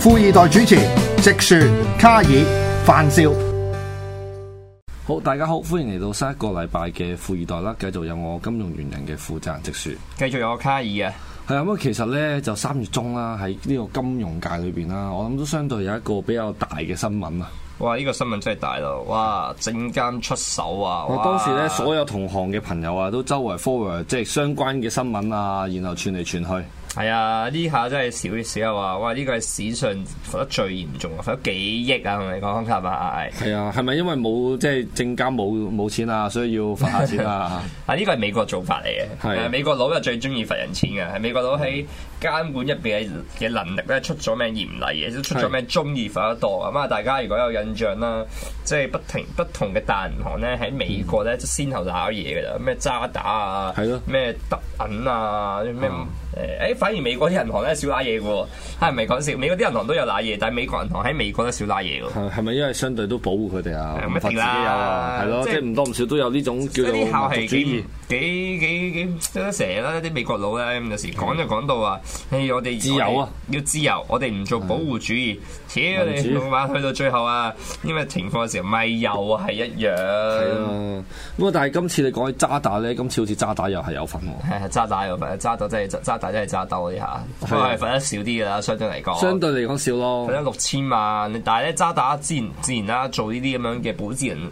富易袋主持直樹卡爾范少。好，大家好，歡迎嚟到新一個禮拜嘅富易袋啦，繼續有我金融原人嘅負責人直樹，繼續有我卡爾啊，係啊，咁其實咧就三月中啦，喺呢個金融界裏邊啦，我諗都相對有一個比較大嘅新聞，這個新聞啊，哇！呢個新聞真係大咯，哇！證監出手啊，我當時咧所有同行嘅朋友啊，都周圍 follow 即係相關嘅新聞啊，然後傳嚟傳去。係啊，呢下真係少少啊！哇，呢個係史上罰得最嚴重啊，罰咗幾億啊！同你講吓，係係啊，係咪因為冇即係證監冇冇錢啊，所以要罰下先啊？啊，呢個係美國做法嚟嘅，係啊美國佬又最中意罰人錢嘅，係美國佬喺。監管入邊嘅嘅能力咧出咗名嚴厲嘅，都出咗名中意罰得多。咁啊是，大家如果有印象啦，即係不停不同嘅大銀行咧喺美國咧，先頭打嘢噶啦，咩渣打啊，咩德銀啊，啲咩誒，反而美國啲銀行咧少打嘢嘅喎。係唔係講笑？美國啲銀行都有打嘢，但係美國銀行喺美國都少打嘢喎。係咪因為相對都保護佢哋啊？唔怕、啊、自係咯、啊，即係唔多唔少都有呢種叫做民族主義。幾幾幾得得成啦，啲美國佬咧咁有時講就講到話，誒我哋自由啊，要自由，我哋唔做保護主義，扯我哋冇辦法，去到最後啊，因為情況嘅時候咪又係一樣。咁啊，但係今次你講起渣打咧，今次好似渣打又係有份喎。渣打有份，渣打真係渣打真係渣鬥嗰啲吓，係係罰得少啲㗎啦，相對嚟講。相對嚟講少咯，罰得六千萬，但係咧渣打自然自然啦，做呢啲咁樣嘅保薦人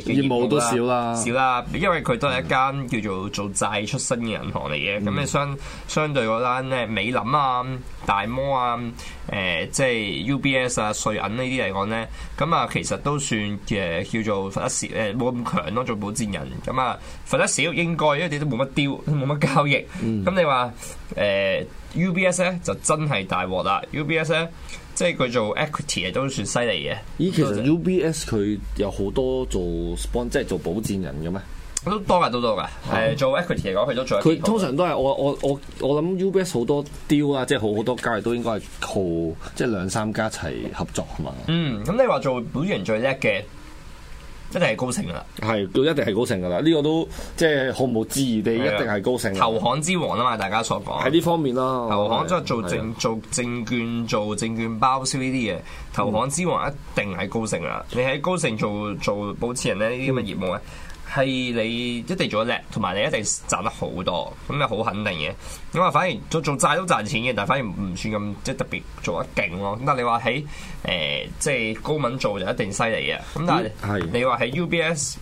嘅業務都少啦，少啦，因為佢都係一間。叫做做債出身嘅銀行嚟嘅，咁你相相對嗰單咧美林啊、大摩啊、誒、呃、即係 UBS 啊、瑞銀呢啲嚟講咧，咁、嗯、啊其實都算誒叫做分得少誒冇咁強咯、啊，做保薦人咁啊分得少應該，因為你都冇乜丟冇乜交易。咁、嗯嗯、你話誒、呃、UBS 咧就真係大鑊啦，UBS 咧即係佢做 equity 都算犀利嘅。咦，其實 UBS 佢有好多做 sponsor 即係做保薦人嘅咩？都多噶，都多噶。係、嗯、是做 equity 嚟講，佢都做。佢通常都係我我我我諗 UBS 好多 deal 啊，即係好好多交易都應該係靠即係兩三家一齊合作啊嘛、嗯。嗯，咁你話做保人最叻嘅，一定係高盛啦。係，都一定係高盛噶啦。呢、這個都即係毫無置疑地，的一定係高盛。投行之王啊嘛，大家所講喺呢方面咯。投行即係做證的做證券做證券包銷呢啲嘢，投行之王一定係高盛啦。嗯、你喺高盛做做保持人咧呢啲咁嘅業務咧。.係你一定做得叻，同埋你一定賺得好多，咁就好肯定嘅。咁啊，反而做做，做債都賺錢嘅，但係反而唔算咁即係特別做得勁咯。咁但係你話喺誒即係高盛做就一定犀利嘅。咁但係、嗯、你話喺 UBS。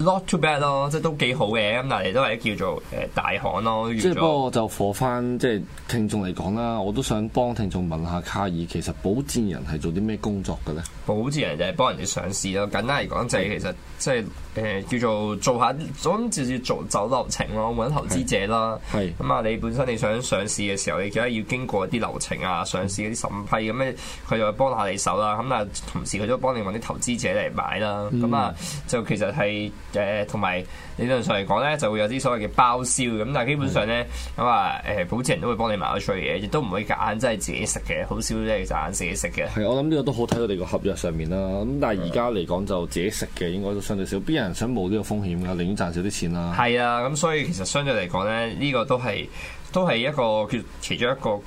Not too bad 咯、呃，即係都幾好嘅咁，但係都係叫做誒大行咯。即係不過就火翻，即係聽眾嚟講啦，我都想幫聽眾問,問下，卡爾其實保薦人係做啲咩工作嘅咧？保薦人就係幫人哋上市咯。簡單嚟講、就是，就係、嗯、其實即係誒叫做做下，總之要做走流程咯，揾投資者啦。係咁啊，你本身你想上市嘅時候，你記得要經過一啲流程啊，上市嗰啲審批咁咧，佢就幫下你手啦。咁啊，同時佢都幫你揾啲投資者嚟買啦。咁、嗯、啊，就其實係。誒同埋理論上嚟講咧，就會有啲所謂嘅包銷咁，但係基本上咧咁啊誒，是的 保薦人都會幫你買咗出去嘅，亦都唔會夾硬真係自己食嘅，好少咧，夾硬自己食嘅。係我諗呢個都好睇，佢哋個合約上面啦。咁但係而家嚟講就自己食嘅，應該都相對少。邊有人想冒呢個風險㗎？寧願賺少啲錢啦。係啊，咁所以其實相對嚟講咧，呢個都係都係一個叫其，其中一個誒。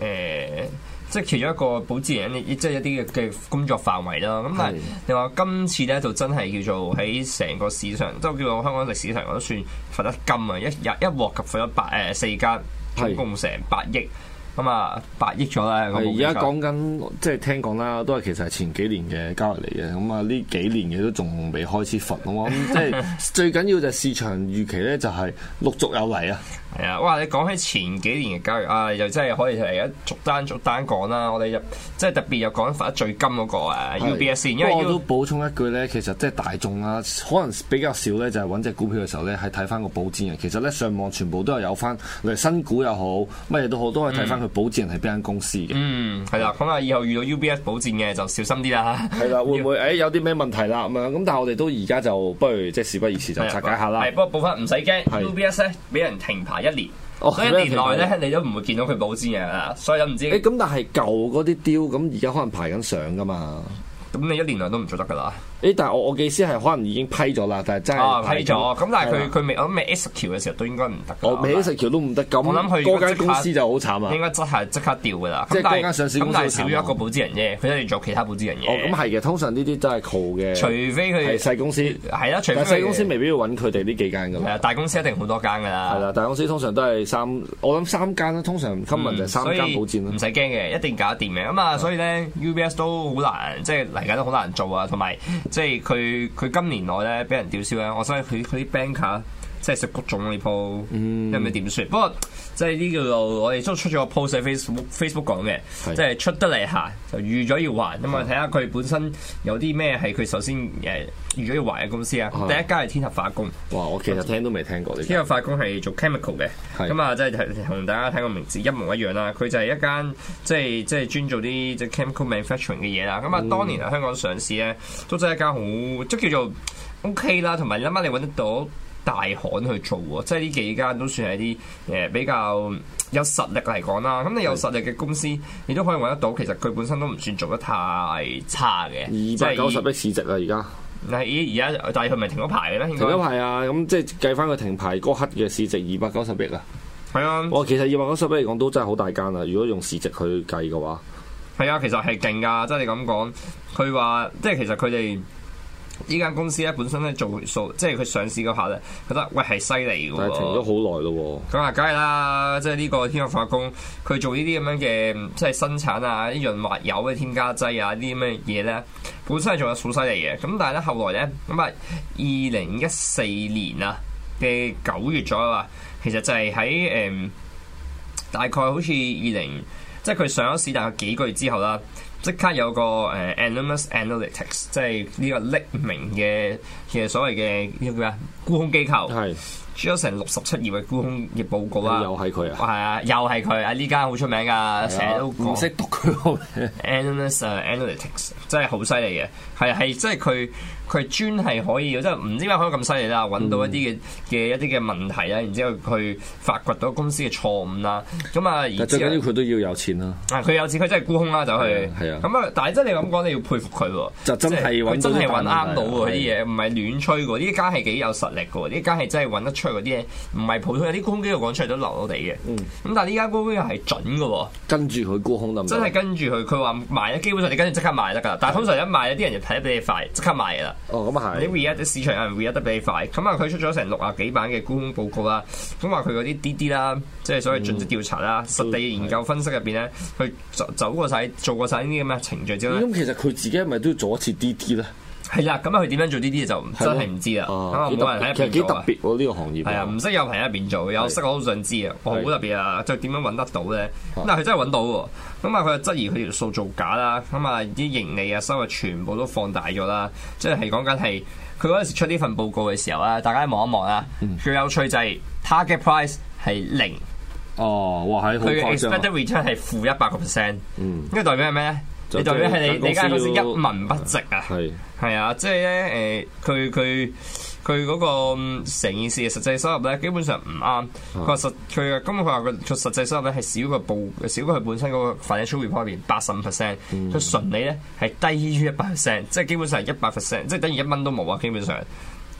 呃即係其中一個保薦人，即係一啲嘅工作範圍啦。咁是但係你話今次咧就真係叫做喺成個市場，即係叫做香港歷史之上，我都算罰得金啊！一日一鑊及罰咗八誒四間，總共成八億咁啊，八是、嗯、億咗啦。係而家講緊、嗯、即係聽講啦，都係其實係前幾年嘅交易嚟嘅。咁啊呢幾年嘅都仲未開始罰啊嘛。咁 即係最緊要就係市場預期咧，就係陸續有嚟啊。哇！你講起前幾年嘅交易啊，又真係可以係一逐單逐單講啦。我哋入即係特別又講翻最金嗰、那個誒 UBS 的因為我都補充一句咧，其實即係大眾啦，可能比較少咧，就係揾隻股票嘅時候咧，係睇翻個保薦人。其實咧上網全部都係有翻，無論新股又好，乜嘢都好，都係睇翻佢保薦人係邊間公司嘅。嗯，係啦。咁啊，以後遇到 UBS 保薦嘅就小心啲啦。係啦，會唔會誒、哎、有啲咩問題啦咁樣？咁但係我哋都而家就不如即係事不宜遲，就拆解下啦。不過部分唔使驚，UBS 咧俾人停牌一年，我喺、哦、一年內咧，妙你都唔會見到佢保鮮嘅啦，所以都唔知。誒、欸，咁但係舊嗰啲雕，咁而家可能在排緊相噶嘛，咁你一年內都唔做得噶啦。誒，但係我我嘅意思係可能已經批咗啦，但係真係批咗，咁但係佢佢未我諗未 S 條嘅時候都應該唔得，我未 S 條都唔得，咁我諗佢間公司就好慘㗎啦，應該執係即刻掉㗎啦。即但係間上市公司少咗一個保資人啫，佢都要做其他保資人嘅。咁係嘅，通常呢啲都係僕嘅，除非佢細公司係啦，除非細公司未必要揾佢哋呢幾間㗎嘛。大公司一定好多間㗎啦。係啦，大公司通常都係三，我諗三間通常今日就三間保賬唔使驚嘅，一定搞得掂嘅。咁啊，所以咧 UBS 都好難，即係嚟緊都好難做啊，同埋。即係佢佢今年內咧俾人吊銷咧，我相信佢佢啲 banker。即係食谷種呢、啊、鋪，即係點算？不過即係呢叫做我哋都出咗個 post 喺 Facebook，Facebook 講嘅是，即係出得嚟行就預咗要還，咁為睇下佢本身有啲咩係佢首先誒、呃、預咗要還嘅公司啊。是第一間係天合化工。哇！我其實聽都未聽過呢。那天合化工係做 chemical 嘅，咁啊是即係同大家睇個名字一模一樣啦。佢就係一間即係即係專做啲即 chemical manufacturing 嘅嘢啦。咁、嗯、啊，嗯、當年喺香港上市咧，都真係一間好即叫做 OK 啦，同埋諗下你揾得到。大行去做喎，即係呢幾間都算係啲誒比較有實力嚟講啦。咁你有實力嘅公司，你都可以揾得到。其實佢本身都唔算做得太差嘅。二百九十億市值啦，而家。係而家，但係佢咪停咗牌嘅咧，啊、應該。停咗牌啊！咁即係計翻佢停牌嗰刻嘅市值二百九十億啊。係啊。我其實二百九十億嚟講都真係好大間啦。如果用市值去計嘅話，係啊，其實係勁㗎。即係你咁講，佢話即係其實佢哋。呢間公司咧本身咧做數，即係佢上市嗰下咧，覺得喂係犀利喎。但係停咗好耐咯喎。咁啊，梗係啦，即係呢個天合化工，佢做呢啲咁樣嘅，即係生產啊，啲潤滑油嘅添加劑啊，啲咁嘅嘢咧，本身係做得好犀利嘅。咁但係咧後來咧，咁啊，二零一四年啊嘅九月左右啊，其實就係喺誒大概好似二零，即係佢上咗市，大概幾個月之後啦。即刻有個誒、uh, Anonymous Analytics，即係呢個匿名嘅，其實所謂嘅呢個叫咩啊？沽空機構係，出咗成六十七頁嘅沽空嘅報告啦。又係佢啊！係、哦、啊，又係佢啊！呢間好出名㗎，成日都 唔識讀佢 Anonymous、uh, Analytics，真係好犀利嘅，係係即係佢。佢專係可以嘅，即係唔知點解可以咁犀利啦，揾到一啲嘅嘅一啲嘅問題啦，然之後去發掘到公司嘅錯誤啦，咁啊，最緊要佢都要有錢啦。佢、啊、有錢，佢真係沽空啦，就係。係啊。咁啊，但係真你咁講，你要佩服佢喎。就真係揾到啱到喎，啲嘢唔係亂吹嘅，呢家係幾有實力嘅，呢家係真係揾得出嗰啲嘢，唔係普通有啲沽機又講出嚟都落到地嘅。咁但係呢家沽機又係準嘅喎，跟住佢沽空真係跟住佢，佢話賣，基本上你跟住即刻賣得㗎。但係通常一賣咧，啲人就睇得比你快，即刻賣㗎啦。哦，咁啊，係，你 read 啲市場有人 read 得比較快，咁啊佢出咗成六啊幾版嘅沽空報告啦，咁啊佢嗰啲 D D 啦，他他 DD, 即係所謂盡職調查啦、嗯就是、實地研究分析入邊咧，佢走過晒，做過晒呢啲咁嘅程序之後咁、嗯、其實佢自己係咪都要做一次 D D 咧？係啦，咁啊佢點樣做呢啲嘢就真係唔知啦。咁啊，冇人喺入邊做。特別喎呢了個行業。係啊，唔識有朋友入邊做，有識我，我都想知啊。好是特別啊，就點樣揾得到咧？咁啊是，佢真係揾到喎。咁啊，佢又質疑佢條數造假啦。咁啊，啲盈利啊、收入全部都放大咗啦。即係講緊係佢嗰陣時出呢份報告嘅時候啊，大家望一望啊。最有趣就係 target price 係零。哦，哇，係好誇張。佢 expected return 係負一百個 percent。呢個、嗯、代表係咩咧？你代表係你你間公司一文不值啊？係係是啊，即係咧誒，佢佢佢嗰個成件事嘅實際收入咧，基本上唔啱。佢話是實佢嘅，咁佢話佢實際收入咧係少過報，少過佢本身嗰個 financial component 八十五 percent，佢純利咧係低於一百 percent，即係基本上係一百 percent，即係等於一蚊都冇啊！基本上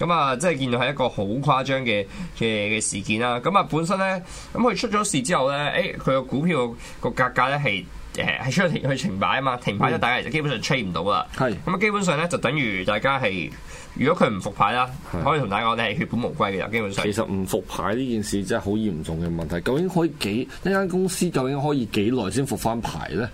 咁啊，即係見到係一個好誇張嘅嘅嘅事件啦、啊。咁啊，本身咧咁佢出咗事之後咧，誒佢個股票個價格咧係。誒係出咗停去停，停，停牌啊嘛，停牌咗大家就基本上 trade 唔到啦。係咁啊，基本上咧就等於大家係如果佢唔復牌啦，是可以同大家講你係血本無歸嘅啦。基本上其實唔復牌呢件事真係好嚴重嘅問題，究竟可以幾呢間公司究竟可以幾耐先復翻牌咧？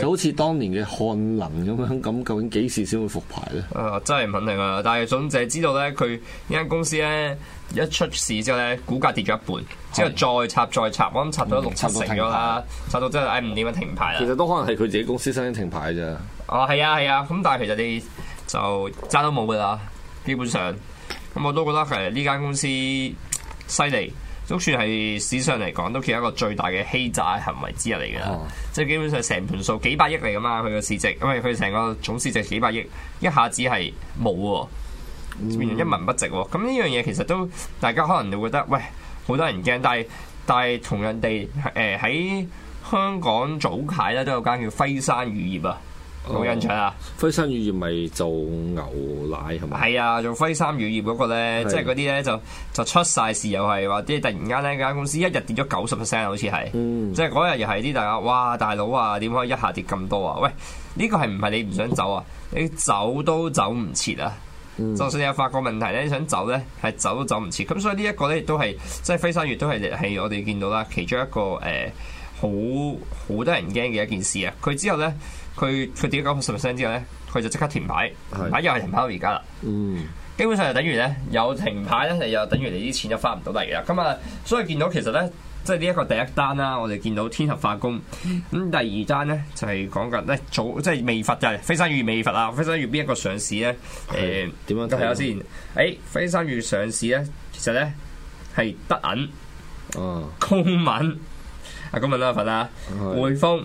就好似當年嘅漢能咁樣，咁究竟幾時先會復牌咧？啊、呃，真係唔肯定啊！但係總之知道咧，佢呢間公司咧一出事之後咧，股價跌咗一半，是之後再插再插，我諗插咗六七成咗啦，插到真係誒唔掂停牌啦。牌其實都可能係佢自己公司先停牌咋。哦，係啊，係啊，咁、啊啊、但係其實你就揸都冇噶啦，基本上。咁我都覺得其實呢間公司犀利。都算係史上嚟講都叫一個最大嘅欺詐行為之一嚟嘅，哦、即係基本上成盤數幾百億嚟㗎嘛，佢個市值，因為佢成個總市值幾百億，一下子係冇喎，變成、嗯、一文不值喎。咁呢樣嘢其實都大家可能就會覺得，喂，好多人驚，但係但係同樣地誒喺香港早啓咧都有間叫輝山漁業啊。有印象啊！輝山乳業咪做牛奶係咪？係啊，做輝山乳業嗰個咧是的，即係嗰啲咧就就出晒事，又係話啲突然間咧，嗰間公司一日跌咗九十 percent，好似係。嗯、即係嗰日又係啲大家，哇！大佬啊，點可以一下跌咁多啊？喂，呢、這個係唔係你唔想走啊？你走都走唔切啊！嗯、就算你有發覺問題咧，你想走咧，係走都走唔切。咁所以呢一個咧，亦都係即係輝山乳都係係我哋見到啦，其中一個誒好好多人驚嘅一件事啊！佢之後咧。佢佢跌咗九十 percent 之後咧，佢就即刻停牌，牌又係停牌到而家啦。嗯，基本上就等於咧有停牌咧，就又等於你啲錢又翻唔到嚟啦。咁啊，所以見到其實咧，即係呢一個第一單啦、啊，我哋見到天合化工咁，第二單咧就係、是、講緊咧早即係未發就飛山芋未發啊！飛山芋邊一個上市咧？誒點樣睇下先？誒、呃、飛山芋上市咧，其實咧係德銀，高、啊、文，文啊，今日都有份啊，匯豐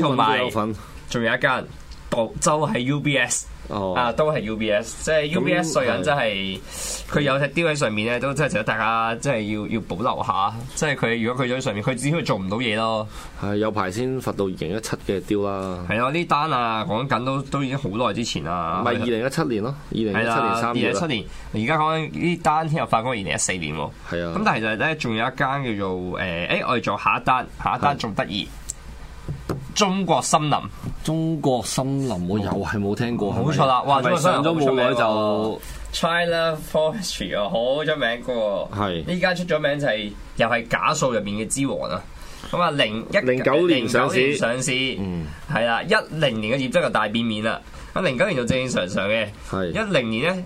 同埋。仲有一間，杜州係 UBS，啊都係 UBS，即係 UBS 衰人、就是，真係佢有隻雕喺上面咧，都真係值得大家真係要要保留下，即係佢如果佢喺上面，佢只可以做唔到嘢咯。係、啊、有排先罰到二零一七嘅雕啦。係咯、啊，呢單啊講緊都都已經好耐之前啦。唔係二零一七年咯，二零一七年三月二零一七年，而家講緊呢單，聽日發光二零一四年喎。係啊，咁但係其實咧，仲有一間叫做誒，誒、欸、我哋做下一單，下一單仲得意。中國森林，中國森林，我又係冇聽過。冇錯啦，是是哇！中國森林最出名就 China Forestry 啊，好出名噶。係，依家，是出咗名就係、是、又係假數入面嘅之王啊！咁啊，零一零九年上市上市，嗯，係啦，一零年嘅業績就大變面啦。咁零九年就正，正常常嘅，係是一零年咧。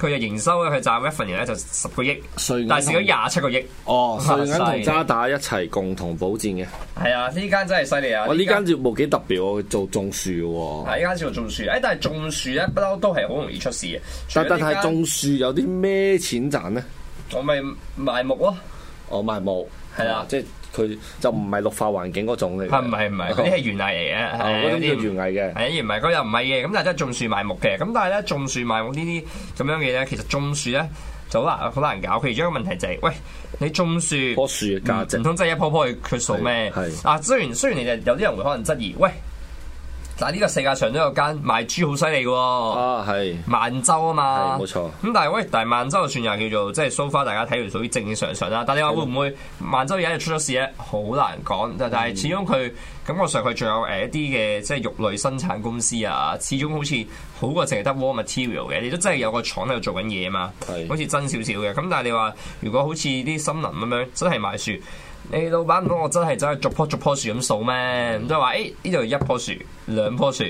佢嘅營收咧，佢賺一份 v e 咧就十個億，但係少咗廿七個億。哦，碎同渣打一齊共同保賬嘅害。係啊，呢間真係犀利啊！我呢哇間業務幾特別喎、啊，做種樹喎、啊。係呢、啊、間先做種樹，誒，但係種樹咧不嬲都係好容易出事嘅。但係種樹有啲咩錢賺咧？我咪賣木咯、啊。我、哦、賣木係的啊，即係。佢就唔係綠化環境嗰種嘅，係唔係唔係啲係園藝嚟嘅，係嗰啲叫園藝嘅，係而唔係佢又唔係嘅。咁但係真係種樹埋木嘅，咁但係咧種樹埋木呢啲咁樣嘅咧，其實種樹咧就好難好難搞，其中一個問題就係、是，喂，你種樹棵樹嘅價值唔通真係一棵棵去 count 咩？係啊，雖然雖然你哋有啲人會可能質疑，喂。但呢個世界上都有間賣豬好犀利嘅喎，啊係，萬洲啊嘛，冇錯。咁但係喂，但係萬洲就算又叫做即係 so far，大家睇嚟屬於正常上啦。但你話會唔會萬洲而家又出咗事咧？好難講。但係始終佢感覺上佢仲有誒一啲嘅即係肉類生產公司啊，始終好似好過淨係得 raw material 嘅。你都真係有個廠喺度做緊嘢嘛，是好似真少少嘅。咁但係你話如果好似啲森林咁樣真係賣樹。誒，老闆唔通，我真係真係逐棵逐棵樹咁數咩？即係話誒，呢度一棵樹，兩棵樹，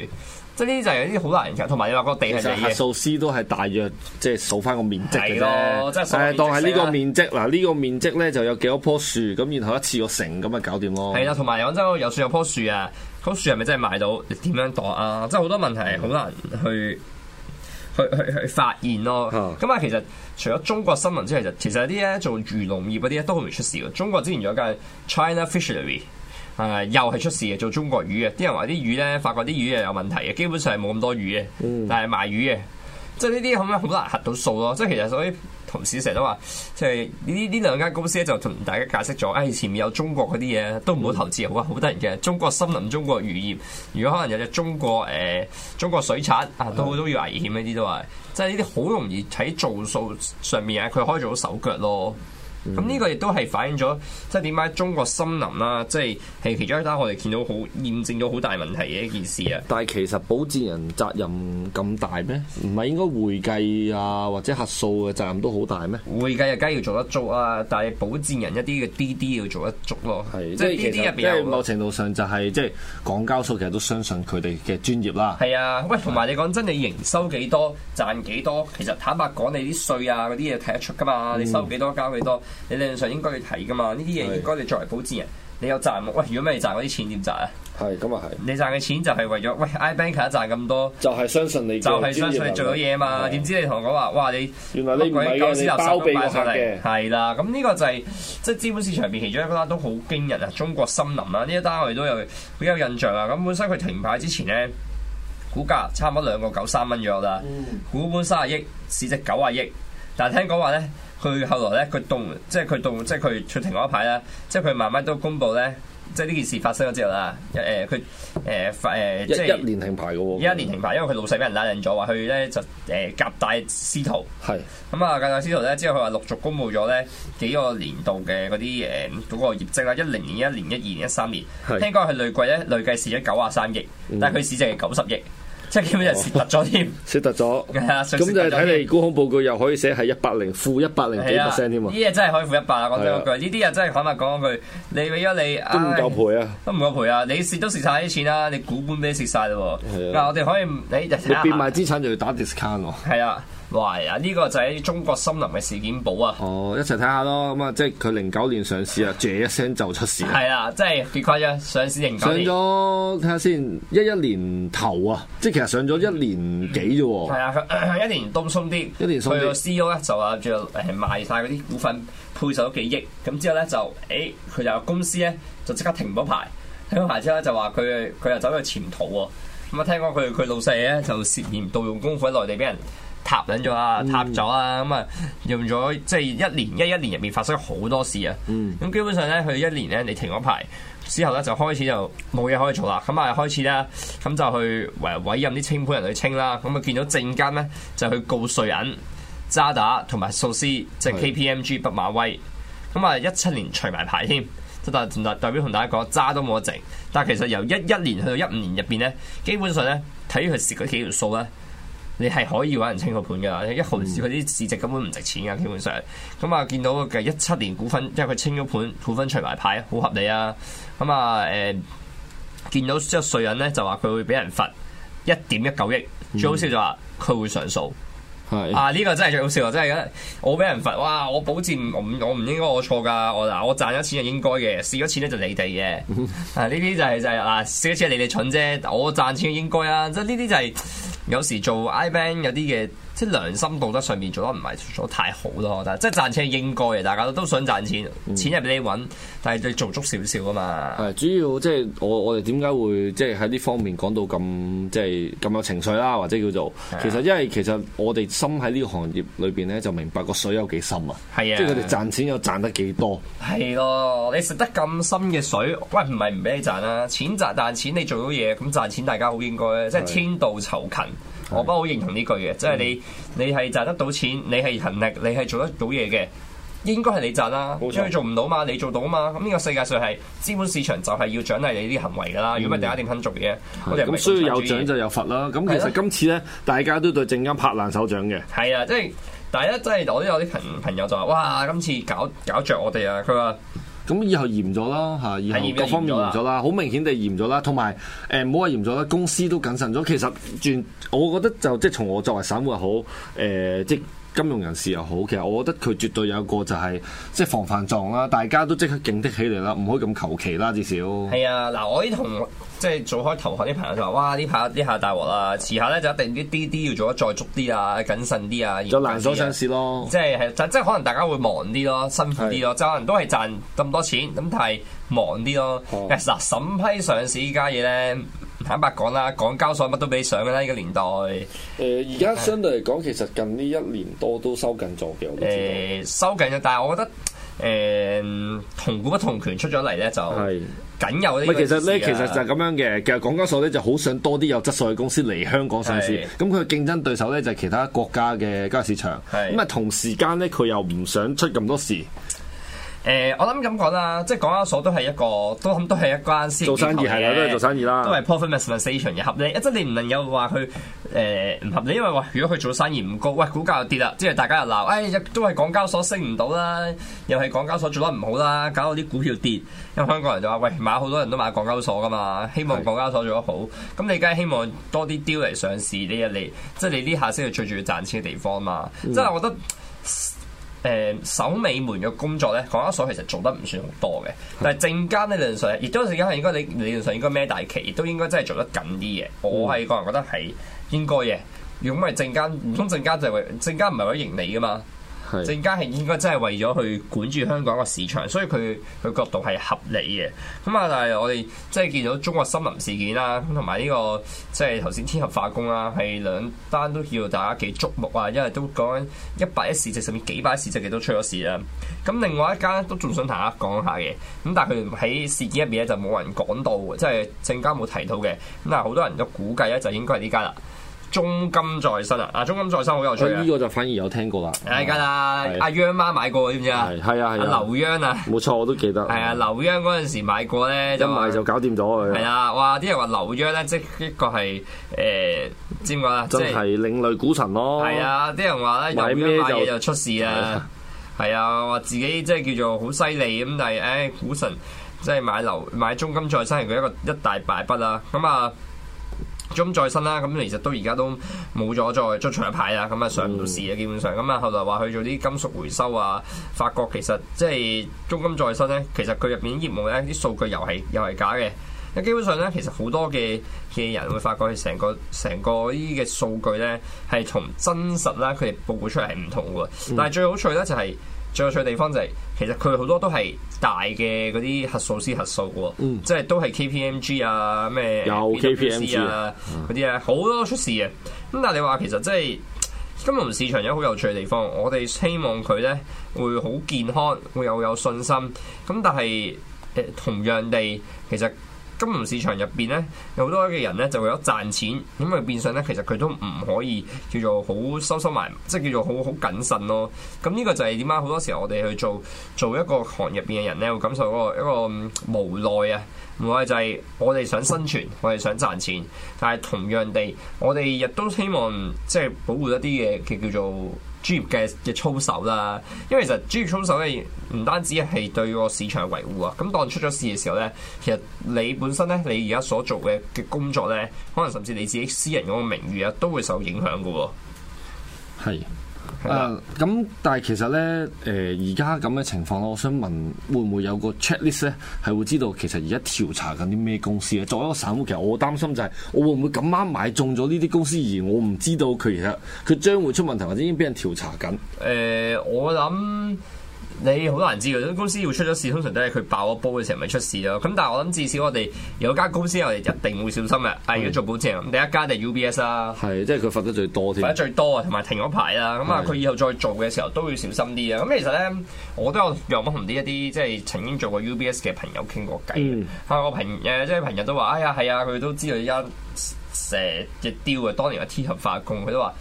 即係呢啲就係有啲好難計。同埋你話個地係你嘅，數師都係大約即係數翻個面積嘅啫。即係當係呢個面積嗱，呢、啊、個面積咧就有幾多棵樹咁，然後一次個成咁啊，搞掂咯、咯。係啦，同埋講真，有樹有棵樹啊，棵樹係咪真係賣到？點樣度啊？即係好多問題，好難去。去去去發現咯，咁啊其實除咗中國新聞之外，其實其實有啲咧做漁農業嗰啲咧都好容易出事嘅。中國之前有一間 China Fishery、呃、又係出事嘅，做中國魚嘅。啲人話啲魚咧，發覺啲魚又有問題嘅，基本上係冇咁多魚嘅，但係賣魚嘅，即係呢啲咁樣好難核到數咯。即係其實所以。同事成日都話，即係呢呢兩間公司就同大家解釋咗，誒、哎、前面有中國嗰啲嘢都唔好投資好啊！好得人驚，中國森林、中國漁業，如果可能有隻中國誒、呃、中國水產啊，都好都要危險，呢啲都係，即係呢啲好容易喺造數上面啊，佢開咗手腳咯。咁呢、嗯、個亦都係反映咗，即係點解中國森林啦、啊，即係係其中一單我哋見到好驗證咗好大問題嘅一件事啊！但係其實保薦人責任咁大咩？唔係應該會計啊或者核數嘅責任都好大咩？會計梗係要做得足啊，但係保薦人一啲嘅 D D 要做得足咯。係是即係 D D 入邊有。即係某程度上就係、是、即係港交所其實都相信佢哋嘅專業啦。係啊，喂，同埋你講真，你營收幾多賺幾多？其實坦白講、啊，你啲稅啊嗰啲嘢睇得出㗎嘛，你收幾多、嗯、交幾多。你理論上應該要睇噶嘛？呢啲嘢應該你作為保薦人，是你有賺？喂，如果咩你賺嗰啲錢點賺啊？係咁啊，係、就是、你賺嘅錢就係為咗喂，I Bank 佢一賺咁多，就係相信你，就係相信你做咗嘢嘛？點知你同我講話，哇，你原來呢鬼公司又收買上嚟？」係啦，咁呢個就係、是、即係資本市場面其中一單都好驚人啊！中國森林啦、啊，呢一單我哋都有比較印象啊。咁本身佢停牌之前咧，股價差唔多兩個九三蚊左右啦，嗯、股本三十億，市值九十億，但係聽講話咧。佢後來咧，佢凍即係佢凍，即係佢出庭嗰一排啦。即係佢慢慢都公布咧，即係呢件事發生咗之後啦。誒佢誒發誒即係一,一年停牌嘅喎，一一年停牌，因為佢老細俾人拉人咗，話佢咧就誒夾帶私逃。係咁啊，夾帶私逃咧之後，佢話陸續公布咗咧幾個年度嘅嗰啲誒嗰個業績啦，一零年、一年、一二年、一三年，應該係累計咧累計蝕咗九啊三億，但係佢市值係九十億。是嗯即係基本上蝕突咗添，蝕 突咗了。咁 就睇你估控報告又可以寫係一百零負一百零幾 percent 添喎。呢、啊、嘢真係可以負一百啊。講多句，呢啲又真係反反講句。你俾咗你、哎、都唔夠賠啊，都唔夠賠啊！你蝕都蝕晒啲錢啦、啊，你股本俾你蝕曬咯。嗱、啊，但我哋可以你看看變賣資產就要打 discount 喎。係啊。哇！啊，呢個就係中國森林嘅事件簿啊！哦，一齊睇下咯。咁啊，即係佢零九年上市啊，啫一聲就出事。係啊，即係幾誇張，上市零九年上咗睇下先，一一年頭啊，即係其實上咗一年幾啫喎。係、嗯、啊、嗯嗯，一年多鬆啲，一年鬆啲。佢 CEO 咧就話，仲要賣曬嗰啲股份，配售咗幾億。咁之後咧就，誒、欸，佢就公司咧就即刻停咗牌，停咗牌之後咧就話佢佢又走咗去潛逃喎。咁啊，聽講佢佢老細咧就涉嫌盜用公款喺內地俾人。塔緊咗啊，塌咗啊，咁啊用咗即係一年一一年入面發生好多事啊，咁、嗯、基本上咧佢一年咧你停咗牌，之後咧就開始就冇嘢可以做啦，咁啊開始咧咁就去委任啲清盤人去清啦，咁啊見到證金咧就去告稅人渣打同埋壽司即係、就是、KPMG 北馬威，咁啊一七年除埋牌添，都代代表同大家講渣都冇得剩。但係其實由一一年去到一五年入邊咧，基本上咧睇佢蝕嗰幾條數咧。你係可以揾人清個盤㗎喇，一毫事佢啲市值根本唔值錢㗎，基本上。咁、嗯、啊，嗯、見到嘅一七年股份，因為佢清咗盤，股份除埋牌，好合理啊。咁、嗯、啊，誒、嗯，見到即係，瑞銀咧就話佢會俾人罰一點一九億，最好笑就話佢會上訴。 啊！呢、這個真係最好笑啊！真係，我俾人罰，哇！我保證，我我唔應該我，我錯噶。我嗱，我賺咗錢係應該嘅，蝕咗錢咧就你哋嘅。啊！呢啲就係就係嗱，蝕、啊、咗錢你哋蠢啫，我賺錢應該啊。即係呢啲就係、是、有時做 IBank 有啲嘅。啲良心道德上面做得唔係得太好咯，但係即係賺錢應該嘅，大家都想賺錢，嗯、錢入你揾，但係你做足少少啊嘛。係主要即係我我哋點解會即係喺呢方面講到咁即係咁有情緒啦，或者叫做、啊、其實因為其實我哋心喺呢個行業裏邊咧，就明白個水有幾深啊。係啊，即係佢哋賺錢又賺得幾多。係咯、啊，你食得咁深嘅水，喂唔係唔俾你賺啦，錢賺但係錢你做到嘢，咁賺錢大家好應該咧，即係天道酬勤。我不好認同呢句嘅，即係你你係賺得到錢，你係勤力，你係做得到嘢嘅，應該係你賺啦。沒錯 所以做唔到嘛，你做到啊嘛，咁呢個世界上係資本市場就係要獎勵你啲行為㗎啦。如果唔係，大家點肯做嘢？咁、嗯、需要有獎就有罰啦。咁其實今次咧，大家都對正啱拍爛手掌嘅。係啊，即係大家即係我都有啲朋朋友就話：哇，今次搞搞著我哋啊！佢話。咁以後嚴咗啦，嚇，以後各方面嚴咗啦，好明顯地嚴咗啦，同埋誒唔好話嚴咗啦，公司都謹慎咗。其實轉，我覺得就即係從我作為散戶好誒、呃、即。金融人士又好，其實我覺得佢絕對有一個就係即係防範狀啦，大家都即刻警惕起嚟啦，唔可以咁求其啦至少。係啊，嗱，我依同即係做開投行啲朋友就話：「哇，呢排呢下大鑊啦，遲下咧就一定啲啲啲要做得再足啲啊，謹慎啲啊，就難咗上市咯。即係其實即係可能大家會忙啲咯，辛苦啲咯，就是可能都係賺咁多錢，咁但係忙啲咯。嗱好，審批上市依家嘢咧。坦白講啦，港交所乜都俾上噶啦，呢、呢個年代。誒，而家相對嚟講，其實近呢一年多都收緊咗。嘅。誒，收緊咗，但係我覺得誒、呃、同股不同權出咗嚟咧，就係僅有啲。啊、其實咧，其實就係咁樣嘅。其實港交所咧就好想多啲有質素嘅公司嚟香港上市，咁佢嘅競爭對手咧就係其他國家嘅交易市場。咁啊，同時間咧佢又唔想出咁多事。誒、呃，我諗咁講啦，即係港交所都係一個，都咁都係一關先。做生意係啦，都係做生意啦，都係 profit and station 嘅合理。即係你唔能夠話佢誒唔合理，因為話如果佢做生意唔高，喂股價又跌啦，即係大家又鬧，誒、哎、都係港交所升唔到啦，又係港交所做得唔好啦，搞到啲股票跌，因為香港人就話喂買好多人都買港交所噶嘛，希望港交所做得好，咁是你梗係希望多啲 deal 嚟上市，你又嚟，即係你呢下先係最重要賺錢嘅地方嘛，即係、嗯、我覺得。誒守、呃、尾門嘅工作咧，港交所其實做得唔算好多嘅，但係證監咧，理論上，亦都有證監係應該，理理論上應該孭大旗，亦都應該真係做得緊啲嘅。嗯、我係個人覺得係應該嘅。如果唔係證監，唔通證監就係證監唔係為盈利㗎嘛？證監係應該真係為咗去管住香港個市場，所以佢佢角度係合理嘅。咁啊，但係我哋即係見到中國森林事件啦，咁同埋呢個即係頭先天合化工啦，係兩單都叫大家幾觸目啊，因為都講緊一百億市值上面幾百億市值嘅都出咗事啦。咁另外一間都仲想大家講下嘅，咁但係佢喺事件入面咧就冇人講到，即係證監冇提到嘅。咁啊，好多人都估計咧就應該係呢間啦。中金再生啊！啊，中金再生好有出名，呢個就反而有聽過啦。係梗啦，阿央媽買過，知唔知啊？係係啊，阿劉央啊，冇錯，我都記得。係啊，劉央嗰陣時買過咧，一買就搞掂咗佢。係啊，哇！啲人話劉央咧，即係一個係知唔講啊？即係另類股神咯。係啊，啲人話咧，有咩買嘢就出事啊？係啊，話自己即係叫做好犀利咁，但係誒股神即係買樓買中金再生，係佢一個一大敗筆啦。咁啊～中金再生啦，咁其實都而家都冇咗再出場牌，咁啊上唔到市啊，基本上，咁啊後嚟話去做啲金屬回收啊，發覺其實即係中金再生咧，其實佢入邊啲業務咧，啲數據又係又係假嘅。基本上咧，其實好多嘅嘅人會發覺佢成個成個啲嘅數據咧，係同真實啦，佢哋報告出嚟係唔同嘅。但係最好趣咧就係。最有趣嘅地方就係、是，其實佢好多都係大嘅嗰啲核數師核數嘅喎，嗯、即係都係 KPMG 啊咩，PWC 啊嗰啲啊，好、啊啊、多出事嘅。咁但係你話其實即係金融市場有好有趣嘅地方，我哋希望佢咧會好健康，會又有信心。咁但係誒，同樣地，其實。金融市場入邊咧，有好多嘅人咧就為咗賺錢，咁啊變相咧其實佢都唔可以叫做好收收埋，即係叫做好好謹慎咯。咁呢個就係點解好多時候我哋去做做一個行入邊嘅人咧，會感受一個一個無奈啊，無奈就係、是、我哋想生存，我哋想賺錢，但係同樣地，我哋亦都希望即係保護一啲嘅叫叫做。專業嘅嘅操守啦，因為其實專業操守咧，唔單止係對個市場維護啊，咁當出咗事嘅時候咧，其實你本身咧，你而家所做嘅嘅工作咧，可能甚至你自己私人嗰個名譽啊，都會受影響㗎喎。係。啊！咁、嗯、但係其實咧，誒而家咁嘅情況咧，我想問會唔會有個 check list 咧，係會知道其實而家調查緊啲咩公司啊？作為一個散戶，其實我擔心就係我會唔會咁啱買中咗呢啲公司，而我唔知道佢，其實佢將會出問題，或者已經俾人調查緊？誒、呃，我諗。你好難知嘅，公司要出咗事，通常都係佢爆咗煲嘅時候咪出事咯。咁但係我諗至少我哋有間公司我哋一定會小心嘅。但係如果做保證，第一間就係 UBS 啦。係，即係佢罰得最多添。罰得最多啊，同埋停咗牌啦。咁啊，佢以後再做嘅時候都要小心啲啊。咁其實咧，我都有同啲一啲即係曾經做過 UBS 嘅朋友傾過偈。啊，我朋誒即係朋友都話：哎呀，係啊，佢都知道而家成隻雕嘅。當年一天合化工，佢都話。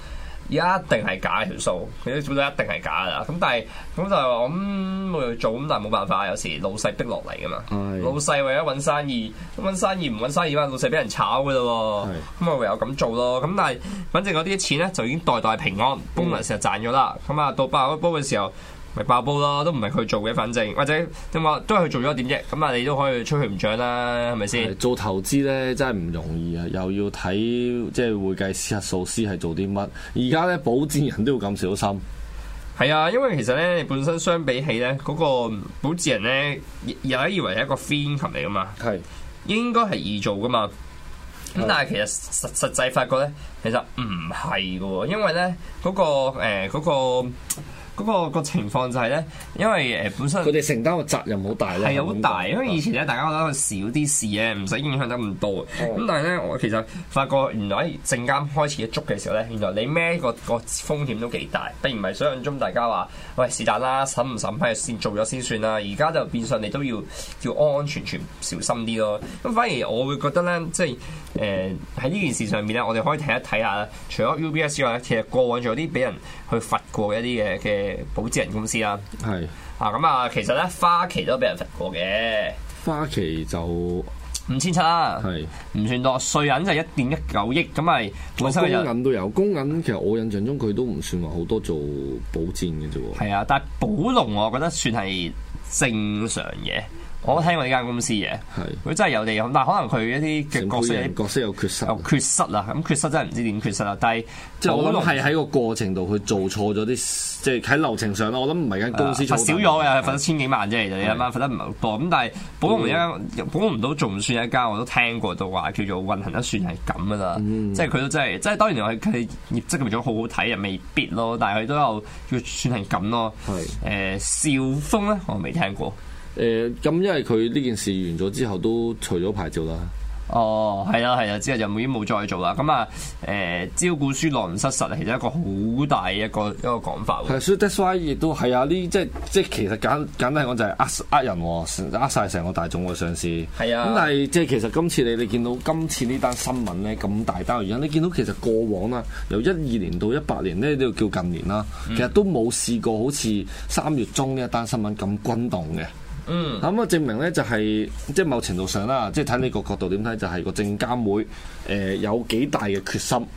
一定係假條數，佢啲數都一定係假噶啦。咁但係，咁就係話咁冇去做，咁但係冇辦法。有時老細逼落嚟噶嘛，老細為咗揾生意，揾生意唔揾生意，啊老細俾人炒噶啦。咁啊是的 唯有咁做咯。咁但係，反正我啲錢咧就已經代代平安，崩、嗯、人成日賺咗啦。咁啊到爆煲嘅時候。咪爆煲咯，都唔係佢做嘅，反正或者點講，都係佢做咗點啫。咁啊，你都可以吹佢唔漲啦，係咪先？做投資咧真係唔容易啊，又要睇即係會計、核數師係做啲乜。而家咧，保薦人都要咁小心。係啊，因為其實咧，本身相比起咧，嗰、那個保薦人咧，有啲以為係一個 financial 嚟噶嘛，係是應該係易做噶嘛。咁的但係其實實實際發覺咧，其實唔係噶，因為咧嗰個誒嗰個。呃那個嗰個個情況就係咧，因為誒本身佢哋承擔個責任好大咯，係好大，大對 因為以前咧大家覺得少啲事咧，唔使影響得咁多。咁、哦、但係咧，我其實發覺原來喺證監開始一捉嘅時候咧，原來你孭個個風險都幾大，並唔係想像中大家話喂是但啦，審唔審批先做咗先算啦。而家就變相你都要要安安全全小心啲咯。咁反而我會覺得咧，即係誒喺呢件事上面咧，我哋可以睇一睇下，除咗 UBS 外，其實過往仲有啲俾人去罰過嘅一啲嘢嘅。保薦人公司啦，係啊是，咁啊，其實咧花旗都俾人罰過嘅，花旗，花旗就五千七啦、啊，係唔是算多，稅銀就一點一九億，咁係本身都有、啊、銀都有。公銀其實我印象中佢都唔算話好多做保薦嘅啫喎，係啊，但係保龍我覺得算係正常嘢，我都聽過呢間公司嘅，佢真係有地有，但係可能佢一啲嘅角色角色有缺失，有缺失啊！咁缺失真係唔知點缺失啊！但係，我諗係喺個過程度去做錯咗啲，即係喺流程上咯。我諗唔係間公司少咗又罰千幾萬啫，其實你阿媽罰得唔多。咁但係，寶龍而家保唔到，仲算一間我都聽過都話叫做運行得算係咁噶啦。即係佢都真係，即係當然話佢業績咁樣好好睇，又未必咯。但係佢都有叫算係咁咯。係，誒，兆豐咧，我未聽過。誒，咁因為佢呢件事完咗之後，都除咗牌照啦。哦，係啊，係啊，之後就冇已經冇再做啦。咁啊，誒，招股書落唔失實，其實一個好大嘅一個一個講法。係，所以 that's why 亦都係啊，呢即係即係，其實簡簡單嚟講就係呃呃人，呃晒成個大衆嘅上市。係啊的。咁但係即係，其實今次你哋見到今次聞呢單新聞咧咁大單原因，你見到其實過往啦，由一二年到一八年呢，呢、這個、叫近年啦，其實都冇試過好似三月中呢一單新聞咁轟動嘅。嗯，咁啊， 證明咧就係、是、即係某程度上啦，即係睇呢個角度點睇，就係、是、個證監會誒、呃、有幾大嘅決心。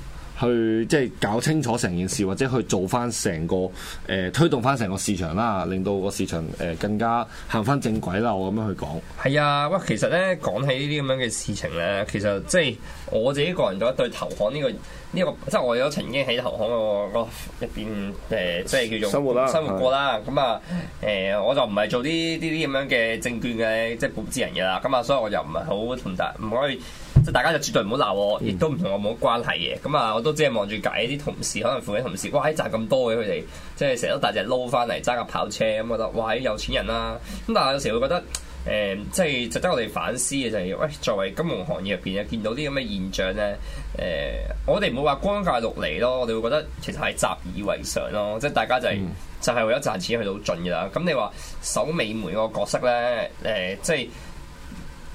去即係搞清楚成件事，或者去做翻成個誒、呃、推動翻成個市場啦，令到個市場誒、呃、更加行翻正軌啦。我咁樣去講。係啊，喂！其實咧講起呢啲咁樣嘅事情咧，其實即係我自己個人都對，對投行呢、這個呢、這個，即係我有曾經喺投行、那個個入邊誒，即係叫做生活啦，生活過啦。咁啊的，誒、呃，我就唔係做啲呢啲咁樣嘅證券嘅即係投資人嘅啦。咁啊，所以我又唔係好同大。唔可以。即係大家就絕對唔好鬧我，亦、嗯、都唔同我冇關係嘅。咁啊，我都只係望住解啲同事，可能附近同事，哇，喺賺咁多嘅佢哋，即係成日都大隻撈翻嚟揸架跑車，咁覺得哇，有錢人啦、啊。咁但係有時會覺得，誒、呃，即係值得我哋反思嘅就係、是，喂，作為金融行業入邊啊，見到啲咁嘅現象咧，誒、呃，我哋唔會話光怪陸離咯，我哋會覺得其實係習以為常咯，即係大家就係、是嗯、就係為咗賺錢去到好盡㗎啦。咁你話守尾門個角色咧，誒、呃，即係。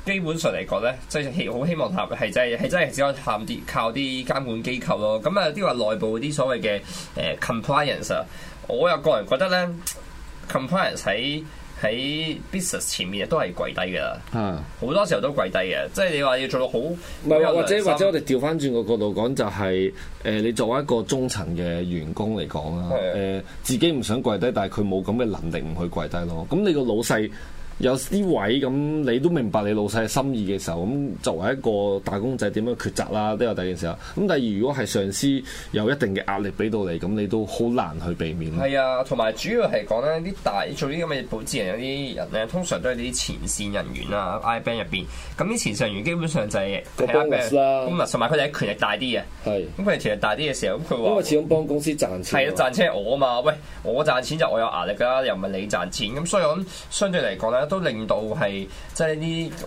基本上嚟講咧，即係好希望係真係係真係只可以探啲靠啲監管機構咯。咁啊，啲話內部啲所謂嘅誒 compliance 啊，呃、compliance，我又個人覺得咧，compliance 喺喺 business 前面都係跪低噶啦。好、啊、多時候都跪低嘅，即、就、係、是、你話要做到好或者或者我哋調翻轉個角度講、就是，就係誒你作為一個中層嘅員工嚟講啦，誒是的、呃、自己唔想跪低，但係佢冇咁嘅能力唔去跪低咯。咁你個老細。有啲位咁、嗯，你都明白你老細嘅心意嘅時候，咁、嗯、作為一個打工仔點樣抉擇啦，都有第二件事啦。咁第二，如果係上司有一定嘅壓力俾到你，咁、嗯、你都好難去避免。係啊，同埋主要係講咧，啲大做呢啲咁嘅保薦人有啲人咧，通常都係啲前線人員、嗯、啊 I band 入邊。咁啲、啊、前線人員基本上就係個 bonus 啦。咁啊，同埋佢哋係權力大啲嘅。係、啊。咁佢哋權力大啲嘅時候，佢話因為始終幫公司賺錢。係啊，賺錢係我啊嘛，喂，我賺錢就我有壓力㗎，又唔係你賺錢。咁所以我覺得相對嚟講咧。都令到係即係呢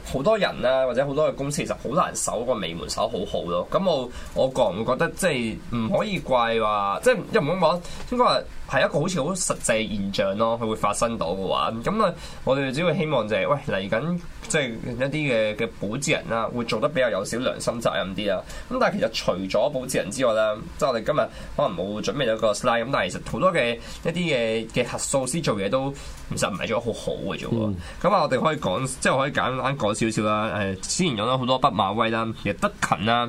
啲好多人啦，或者好多嘅公司其實好難守個尾門守好好咯。咁、嗯、我我個人會覺得，即係唔可以怪話，即係一唔好講應該話。係一個好似好實際現象咯，佢會發生到嘅話，咁啊，我哋只會希望就係、是，喂嚟緊即係一啲嘅嘅保值人啦、啊，會做得比較有少良心責任啲啊。咁但係其實除咗保值人之外咧，即係我哋今日可能冇準備咗個 slide，咁但係其實好多嘅一啲嘅嘅核數師做嘢都其實唔係做得好好嘅啫喎。咁啊、嗯，我哋可以講，即係可以簡,簡單講少少啦。誒，先然有好多畢馬威啦，其實德勤啦。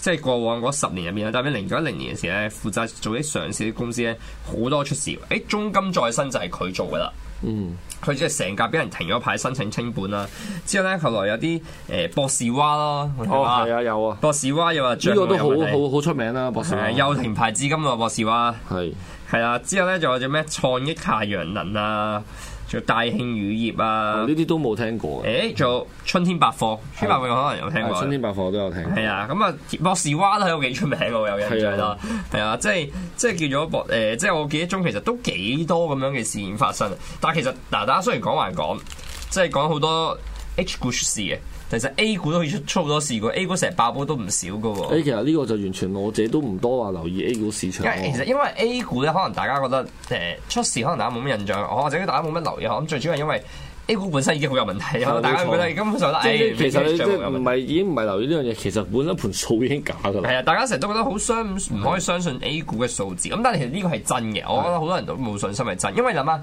即係過往嗰十年入面啊，特別零九一零年嘅時咧，負責做啲上市啲公司咧，好多出事。誒，中金再生就係佢做噶啦。嗯，佢即係成架俾人停咗牌申請清盤啦。之後咧，後來有啲誒、呃、博士蛙咯，哦吧、啊、有啊有啊，博士蛙又話，主要都好好好出名啦，博士蛙休、啊啊、停牌至今啊，博士蛙係係啦。之後咧，仲有隻咩創益太陽能啊。做大慶乳業啊、哦！呢啲都冇聽過嘅、欸。誒，做春天百貨，的春天百貨可能有聽過。春天百貨我都有聽過。係啊，咁啊，博士蛙都係有幾出名咯，有印象啦。係啊是的，即係即係叫咗博誒，即係我記憶中其實都幾多咁樣嘅事件發生啊。但係其實嗱，大家雖然講還講，即係講好多 H 故事嘅。其實 A 股都可以出好多事嘅，A 股成日爆波都唔少嘅喎。其實呢個就完全我自己都唔多話留意 A 股市場。其實因為 A 股咧，可能大家覺得誒、呃、出事，可能大家冇乜印象，或者大家冇乜留意。咁最主要係因為 A 股本身已經好有問題。的大家覺得錯根本上都誒。其實你即係唔係已經唔係留意呢樣嘢？其實本身盤數已經假嘅。係啊，大家成日都覺得好相唔可以相信 A 股嘅數字。咁但係其實呢個係真嘅。我覺得好多人都冇信心係真，因為諗下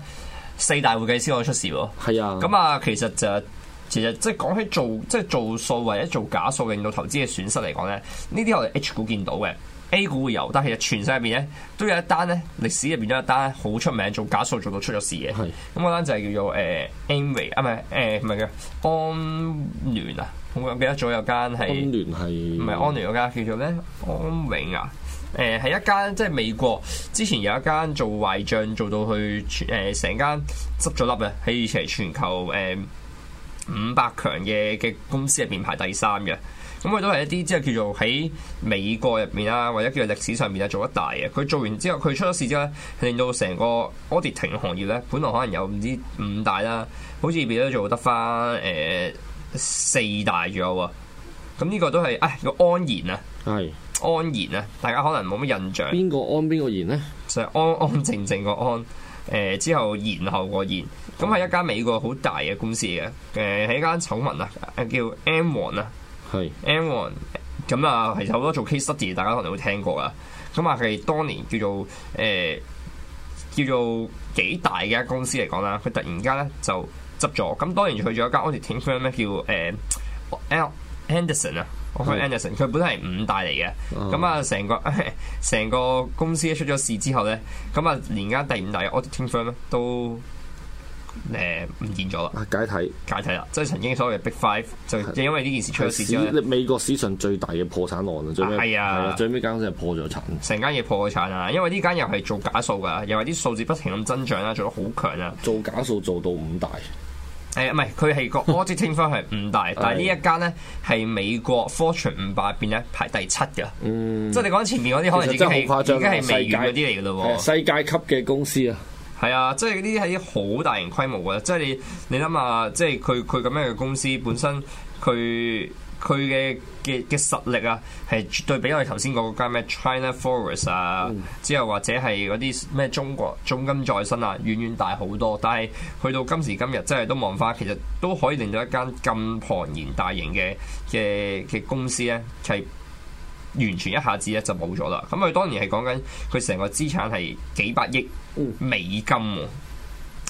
四大會計師所出事喎。係啊的。咁啊，其實就。其實即係講起做即係做數或者做假數，令到投資嘅損失嚟講咧，呢啲我哋 H 股見到嘅 A 股，股會有，但係其實全世界入邊咧都有一單咧，歷史入邊有一單好出名做假數做到出咗事嘅。咁嗰單就係叫做誒 Amway 啊，唔係誒唔係叫安聯啊，我唔記得咗有間係安聯係唔係安聯嗰間叫做咧安永啊？誒、欸、係一間即係、就是、美國之前有一間做壞帳做到去誒成間執咗笠啊，喺以前全球誒。欸五百強嘅嘅公司入面排第三嘅，咁佢都係一啲即係叫做喺美國入面啦，或者叫做歷史上面啊做一大嘅。佢做完之後，佢出咗事之後咧，令到成個 auditing 行業咧，本來可能有唔知五大啦，好似變咗做得翻誒、呃、四大咗喎。咁呢個都係誒個安然啊，係是 安然啊，大家可能冇乜印象。邊個安邊個然咧？安呢就安安靜靜個安。誒之後，延後過然，咁係一家美國好大嘅公司嘅，誒喺間醜聞啊，叫 m o N 王啊，o N 王，咁啊是，其實好多做 case study，大家可能都聽過啊。咁啊係當年叫做誒、呃、叫做幾大嘅間公司嚟講啦，佢突然間咧就執咗，咁當然去咗一間 a d v e r t i n g firm 咧叫誒 L、呃、Anderson 啊。我開 Anderson，佢是本身係五大嚟嘅，咁啊成個成個公司出咗事之後咧，咁啊連間第五大嘅 Audit Firm 咧都誒唔見咗啦，呃、解體解體啦，即、就、係、是、曾經所謂嘅 Big Five 就因為呢件事出咗事之後，美國史上最大嘅破產案啊，最尾係啊，最尾間先係破咗產，成間嘢破咗產啊，因為呢間又係做假數噶，又係啲數字不停咁增長啦，做得好強啊，做假數做到五大。誒唔係，佢係、嗯、個 auditing 方係五大， 但係呢一間咧係美國 Fortune 五百入邊咧排第七嘅，嗯、即係你講前面嗰啲可能已經已經係微軟嗰啲嚟㗎咯，世界級嘅公司啊，係啊、嗯，即係嗰啲係啲好大型規模嘅。即係你你諗下，即係佢佢咁樣嘅公司本身佢。嗯佢嘅嘅嘅實力啊，係絕對比我哋頭先嗰間咩 China Forest 啊，之後或者係嗰啲咩中國中金在身啊，遠遠大好多。但係去到今時今日，真係都望翻，其實都可以令到一間咁龐然大型嘅嘅嘅公司咧，係完全一下子咧就冇咗啦。咁佢當然係講緊佢成個資產係幾百億美金喎、啊。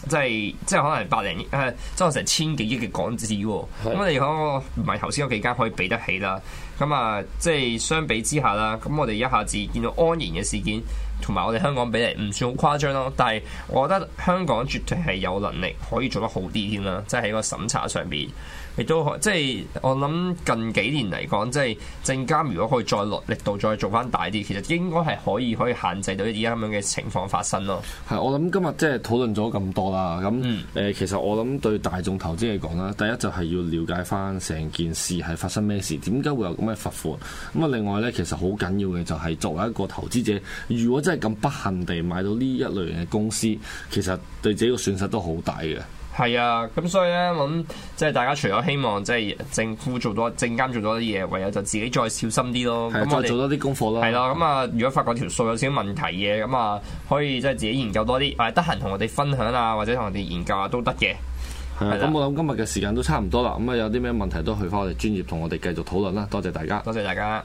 即係即係可能百零誒，即、呃、係成千億是的、嗯、幾億嘅港紙喎。咁我哋講唔係頭先嗰幾間可以比得起啦。咁、嗯、啊、嗯，即係相比之下啦。咁、嗯、我哋一下子見到安然嘅事件。同埋我哋香港比例唔算好誇張咯，但係我覺得香港絕對係有能力可以做得好啲添啦，即係喺個審查上邊亦都可，即係我諗近幾年嚟講，即係證監如果可以再落力度，再做翻大啲，其實應該係可以可以限制到依家咁樣嘅情況發生咯。係，我諗今日即係討論咗咁多啦，咁誒、嗯呃、其實我諗對大眾投資嚟講啦，第一就係要了解翻成件事係發生咩事，點解會有咁嘅罰款？咁啊另外咧，其實好緊要嘅就係作為一個投資者，如果真係咁不幸地買到呢一類型嘅公司，其實對自己嘅損失都好大嘅。係啊，咁所以咧，咁即係大家除咗希望即係政府做多證監做多啲嘢，唯有就自己再小心啲咯。咁、啊、再做多啲功課咯。係啦，咁啊，如果發覺條數有少少問題嘅，咁啊可以即係自己研究多啲，誒得閒同我哋分享啊，或者同我哋研究都得嘅。係啊，咁、啊啊、我諗今日嘅時間都差唔多啦。咁啊，有啲咩問題都去翻我哋專業同我哋繼續討論啦。多謝大家，多謝大家。